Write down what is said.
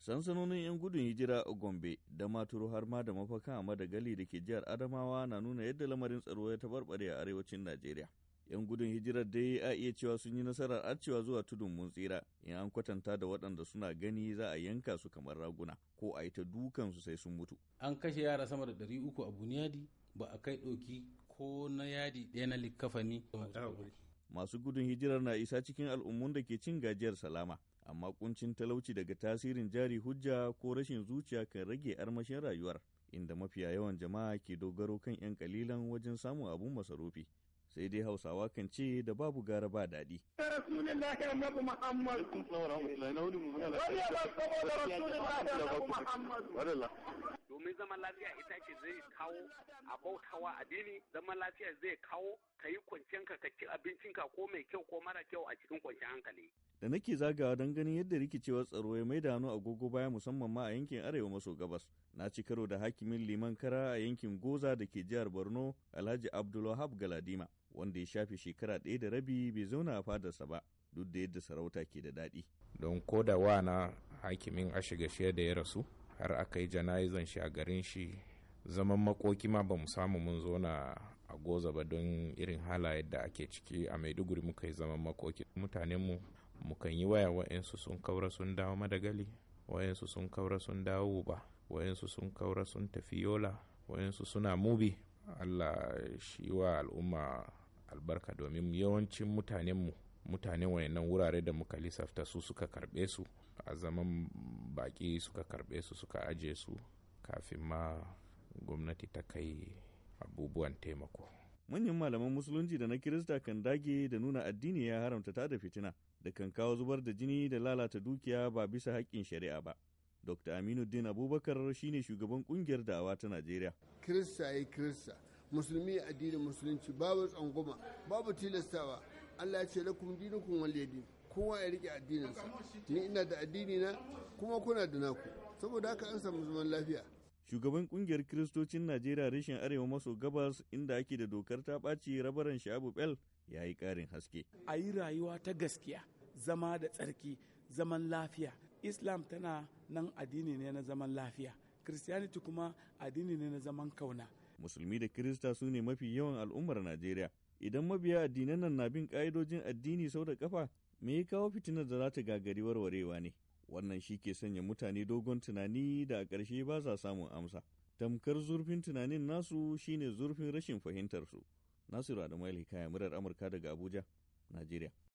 Sansanonin 'yan gudun hijira a Gombe da maturu har ma da mafaka a Madagali da ke jihar Adamawa na nuna yadda lamarin tsaro ya tabarbare a arewacin Najeriya. 'Yan gudun hijirar dai a iya cewa sun yi nasarar arcewa zuwa tudun mun tsira in an kwatanta da waɗanda suna gani za a yanka su kamar raguna ko a yi ta dukansu sai sun mutu. An kashe yara sama da ɗari uku a Buniyadi ba a kai ɗoki ko na yadi ɗaya na likafani. masu gudun hijirar na isa cikin al'ummun da ke cin gajiyar salama amma kuncin talauci daga tasirin jari hujja ko rashin zuciya kan rage armashin rayuwar inda mafiya yawan jama'a ke dogaro kan 'yan kalilan wajen samun abun masarufi sai dai hausawa kan ce da babu gara ba daɗi. domin zaman lafiya ita ce zai kawo a bautawa addini zaman lafiya zai kawo ka yi kwanciyanka ka ci abincinka ko mai kyau ko mara kyau a cikin kwanciyar hankali. Da nake zagawa don ganin yadda rikicewar tsaro ya maida hannu agogo baya musamman ma a yankin arewa maso gabas. Na ci karo da hakimin liman kara a yankin Goza da ke jihar Borno Alhaji Abdulwahab Galadima wanda ya shafe shekara ɗaya da rabi bai zauna a fadarsa ba duk da yadda sarauta ke da daɗi. Don ko da wa na hakimin fiye da ya rasu har aka yi jana'izan shi a garin shi zaman makoki ma ba mu samu mun zo na a goza ba don irin halayen da ake ciki a maiduguri muka yi zaman makoki mutanenmu mukan yi waya wa'yansu sun kaura sun dawo madagali wa'yansu sun kaura sun dawo ba wa'yansu sun kaura sun tafi yola wa'yansu suna mubi allah shi wa al'umma albarka domin yawancin mutanen mu mutane wayannan wurare da muka lissafta su suka karbe su a zaman baki suka karbe su suka aje su kafin ma gwamnati ta kai abubuwan taimako manyan malaman musulunci da na kirista kan dage da nuna addini ya haramta ta da fitina da kan kawo zubar da jini da lalata dukiya ba bisa haƙƙin shari'a ba dr aminuddin abubakar shine shugaban kungiyar da'awa ta najeriya kirista ya kirista musulmi addinin musulunci babu tsangwama babu tilastawa Allah ya ce lakum dinukum wal yadin kowa ya rike addininsa ni ina da addini na kuma kuna da naku saboda haka an samu zaman lafiya shugaban kungiyar kiristocin najeriya rashin arewa maso gabas inda ake da dokar ta ɓaci rabaran sha'abu bel ya yi ƙarin haske a yi rayuwa ta gaskiya zama da tsarki zaman lafiya islam tana nan addini ne na zaman lafiya christianity kuma addini ne na zaman kauna musulmi da kirista su ne mafi yawan al'ummar najeriya idan mabiya addinan nan na bin ƙa'idojin addini sau da kafa me ya kawo fitinar da za ta gagari warwarewa ne wannan shi ke sanya mutane dogon tunani da a ƙarshe ba sa samun amsa tamkar zurfin tunanin nasu shine zurfin rashin fahimtar su nasiru adamu hikaya murar amurka daga abuja najeriya